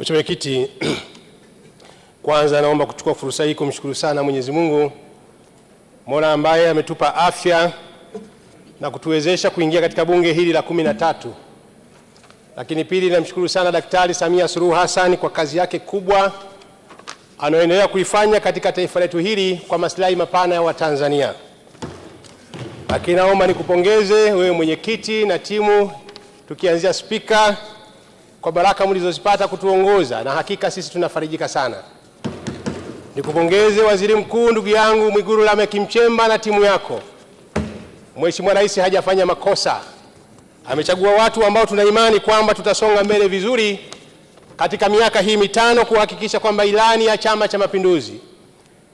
Mheshimiwa Mwenyekiti, kwanza naomba kuchukua fursa hii kumshukuru sana Mwenyezi Mungu Mola ambaye ametupa afya na kutuwezesha kuingia katika bunge hili la kumi na tatu. Lakini pili, namshukuru sana Daktari Samia Suluhu Hassan kwa kazi yake kubwa anayoendelea kuifanya katika taifa letu hili kwa maslahi mapana ya Watanzania. Lakini naomba nikupongeze wewe mwenyekiti na timu, tukianzia spika kwa baraka mlizozipata kutuongoza, na hakika sisi tunafarijika sana. Nikupongeze Waziri Mkuu ndugu yangu Mwigulu Lameck Nchemba na timu yako. Mheshimiwa Rais hajafanya makosa, amechagua watu ambao tuna imani kwamba tutasonga mbele vizuri katika miaka hii mitano kuhakikisha kwamba ilani ya Chama cha Mapinduzi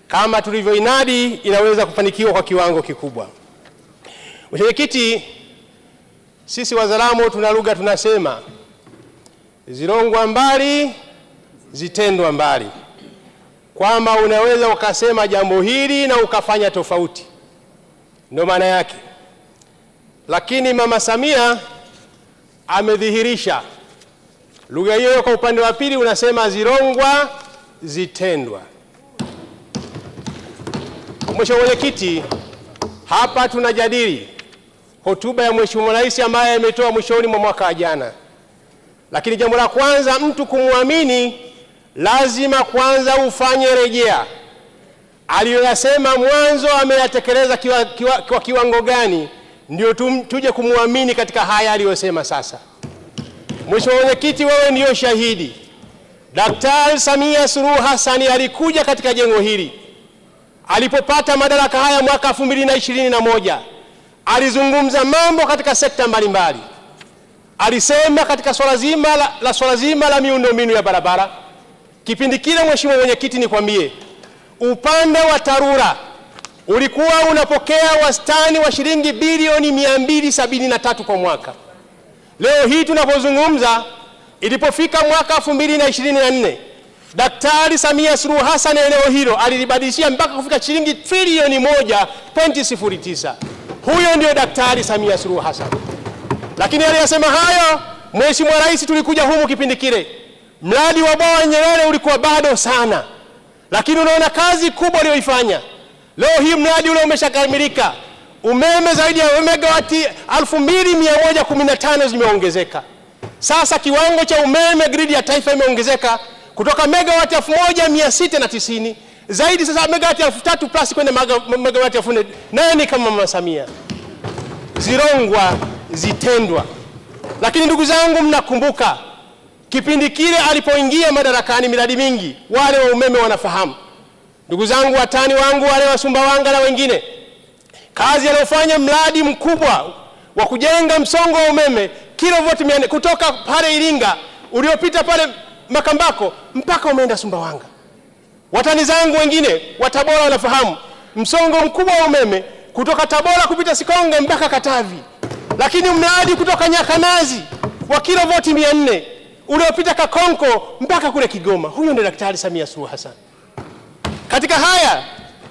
kama tulivyoinadi inaweza kufanikiwa kwa kiwango kikubwa. Mwenyekiti, sisi Wazaramo tuna lugha tunasema zilongwa mbali, zitendwa mbali, kwamba unaweza ukasema jambo hili na ukafanya tofauti, ndio maana yake. Lakini Mama Samia amedhihirisha lugha hiyo. Kwa upande wa pili unasema zilongwa, zitendwa. Mheshimiwa Mwenyekiti, hapa tunajadili hotuba ya Mheshimiwa Rais ambaye ametoa mwishoni mwa mwaka jana. Lakini jambo la kwanza, mtu kumwamini lazima kwanza ufanye rejea aliyoyasema mwanzo ameyatekeleza kwa kiwa, kiwa, kiwango gani, ndio tuje kumwamini katika haya aliyosema sasa. Mheshimiwa Mwenyekiti, wewe ndiyo shahidi. Daktari Samia Suluhu Hassan alikuja katika jengo hili alipopata madaraka haya mwaka 2021 alizungumza mambo katika sekta mbalimbali mbali alisema katika swala zima la, la swala zima la miundombinu ya barabara. Kipindi kile, mheshimiwa mwenyekiti, nikwambie, upande wa TARURA ulikuwa unapokea wastani wa shilingi bilioni 273 kwa mwaka. Leo hii tunapozungumza, ilipofika mwaka 2024 Daktari Samia Suluhu Hassan eneo hilo alilibadilishia mpaka kufika shilingi trilioni 1.09. Huyo ndio Daktari Samia Suluhu Hassan. Lakini aliyasema hayo Mheshimiwa Rais, tulikuja humu kipindi kile, mradi wa bwawa Nyerere ulikuwa bado sana, lakini unaona kazi kubwa aliyoifanya. Leo hii mradi ule umeshakamilika, umeme zaidi ya megawati 2115 zimeongezeka. Sasa kiwango cha umeme gridi ya taifa imeongezeka kutoka megawati 1690 zaidi sasa megawati 3000 plus kwenda megawati 4000 nani kama Mama Samia Zirongwa zitendwa. Lakini ndugu zangu, mnakumbuka kipindi kile alipoingia madarakani, miradi mingi, wale wa umeme wanafahamu. Ndugu zangu, watani wangu wale wa Sumbawanga na wengine, kazi aliyofanya mradi mkubwa wa kujenga msongo wa umeme kilovoti 400 kutoka pale Iringa uliopita pale Makambako mpaka umeenda Sumbawanga. Watani zangu wengine wa Tabora wanafahamu msongo mkubwa wa umeme kutoka Tabora kupita Sikonge mpaka Katavi lakini mmeahidi kutoka Nyakanazi wa kilo voti mia nne uliopita Kakonko mpaka kule Kigoma. Huyo ndio Daktari Samia Suluhu Hassan. Katika haya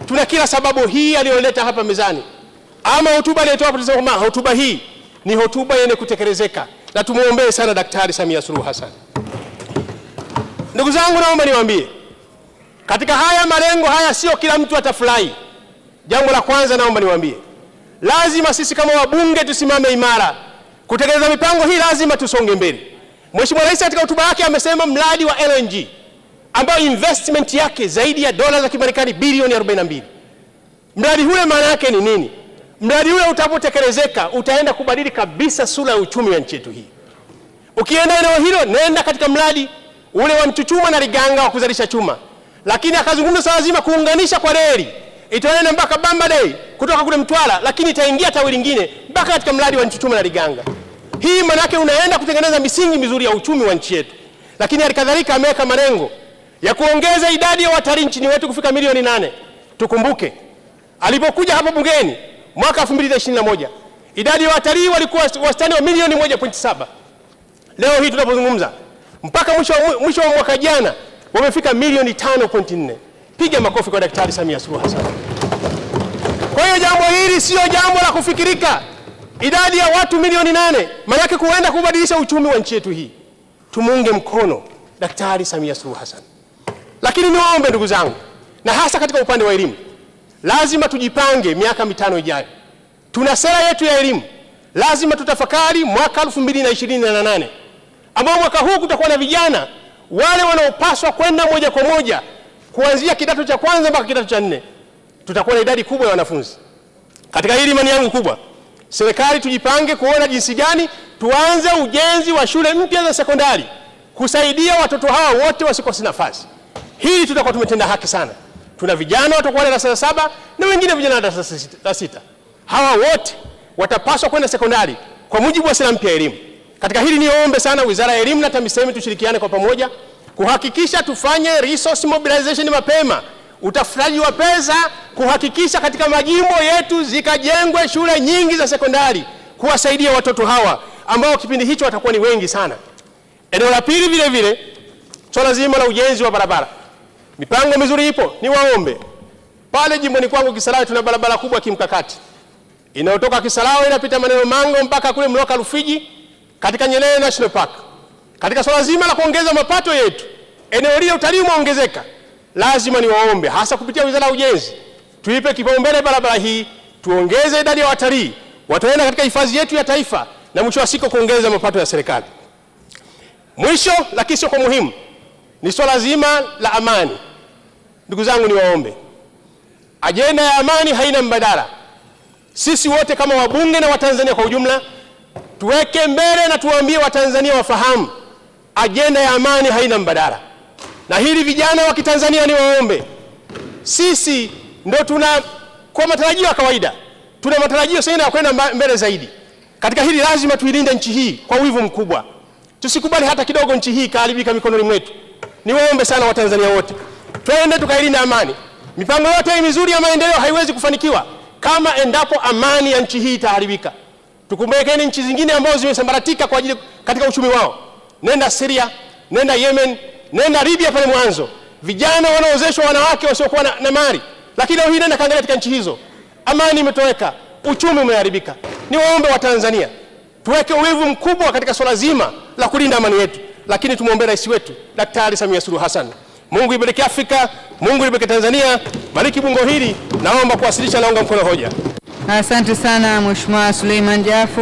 tuna kila sababu hii aliyoleta hapa mezani, ama hotuba aliyotoa tunasema hotuba hii ni hotuba yenye kutekelezeka, na tumwombee sana Daktari Samia Suluhu Hassan. Ndugu zangu, naomba niwaambie katika haya malengo haya, sio kila mtu atafurahi. Jambo la kwanza, naomba niwaambie Lazima sisi kama wabunge tusimame imara kutekeleza mipango hii, lazima tusonge mbele. Mheshimiwa Rais katika hotuba yake amesema mradi wa LNG ambayo investment yake zaidi ya dola za Kimarekani bilioni 42. Mradi ule maana yake ni nini? Mradi ule utapotekelezeka utaenda kubadili kabisa sura ya uchumi wa nchi yetu hii. Ukienda eneo hilo, nenda katika mradi ule wa Mchuchuma na Liganga wa kuzalisha chuma, lakini akazungumza swala zima kuunganisha kwa reli itaenda mpaka Bamba Day kutoka kule Mtwara, lakini itaingia tawi lingine mpaka katika mradi wa Nchuchume na Liganga. Hii maana yake unaenda kutengeneza misingi mizuri ya uchumi wa nchi yetu, lakini halikadhalika ameweka malengo ya kuongeza idadi ya watalii nchini wetu kufika milioni nane. Tukumbuke alipokuja hapo bungeni mwaka 2021 idadi ya watalii walikuwa wastani wa milioni 1.7. Leo hii tunapozungumza, mpaka mwisho mwisho wa mwaka jana wamefika milioni 5.4. Piga makofi kwa Daktari Samia Suluhu Hassan hiyo jambo hili siyo jambo la kufikirika. Idadi ya watu milioni nane manake kuenda kubadilisha uchumi wa nchi yetu hii. Tumuunge mkono Daktari Samia Suluhu Hassan. Lakini niwaombe ndugu zangu, na hasa katika upande wa elimu, lazima tujipange miaka mitano ijayo. Tuna sera yetu ya elimu, lazima tutafakari mwaka 2028 ambao mwaka huu kutakuwa na vijana wale wanaopaswa kwenda moja kwa moja kuanzia kidato cha kwanza mpaka kidato cha nne tutakuwa na idadi kubwa ya wanafunzi. Katika hili imani yangu kubwa, serikali tujipange kuona jinsi gani tuanze ujenzi wa shule mpya za sekondari kusaidia watoto hawa wote wasikose nafasi. Hili tutakuwa tumetenda haki sana. Tuna vijana watakuwa darasa la saba na wengine vijana darasa la sita. Hawa wote watapaswa kwenda sekondari kwa mujibu wa sera mpya ya elimu. Katika hili niombe sana Wizara ya Elimu na TAMISEMI tushirikiane kwa pamoja kuhakikisha tufanye resource mobilization mapema utafutaji wa pesa kuhakikisha katika majimbo yetu zikajengwe shule nyingi za sekondari kuwasaidia watoto hawa ambao kipindi hicho watakuwa ni wengi sana. Eneo la pili, vile vile swala zima la ujenzi wa barabara, mipango mizuri ipo. Niwaombe pale jimboni kwangu Kisarawe tuna barabara kubwa kimkakati inayotoka Kisarawe inapita Maneno Mango mpaka kule Mloka Rufiji katika Nyerere National Park. Katika swala zima la kuongeza mapato yetu, eneo lile utalii umeongezeka lazima niwaombe hasa kupitia Wizara ya Ujenzi, tuipe kipaumbele barabara hii, tuongeze idadi ya watalii wataenda katika hifadhi yetu ya taifa na mwisho wa siku kuongeza mapato ya serikali. Mwisho lakini sio kwa muhimu, ni swala zima la amani. Ndugu zangu, niwaombe, ajenda ya amani haina mbadala. Sisi wote kama wabunge na Watanzania kwa ujumla tuweke mbele na tuwaambie Watanzania wafahamu ajenda ya amani haina mbadala. Na hili vijana wa Kitanzania ni waombe, sisi ndo tuna kwa matarajio ya kawaida, tuna matarajio sana ya kwenda mbele zaidi. Katika hili lazima tuilinde nchi hii kwa wivu mkubwa, tusikubali hata kidogo nchi hii ikaharibika mikononi mwetu. Niwaombe sana Watanzania wote, twende tukailinda amani. Mipango yote hii mizuri ya maendeleo haiwezi kufanikiwa kama endapo amani ya nchi hii itaharibika. Tukumbukeni nchi zingine ambazo zimesambaratika kwa ajili katika uchumi wao, nenda Syria, nenda Yemen nenda Libya pale mwanzo, vijana wanaozeshwa wanawake wasiokuwa na, na mali. Lakini leo hii nenda kaangalia katika nchi hizo, amani imetoweka, uchumi umeharibika. Ni waombe wa Tanzania tuweke uwivu mkubwa katika swala zima la kulinda amani yetu, lakini tumwombee rais wetu Daktari Samia Suluhu Hassan. Mungu ibariki Afrika, Mungu ibariki Tanzania, bariki bungo hili. Naomba kuwasilisha, naunga mkono hoja. Asante sana Mheshimiwa Suleiman Jafo.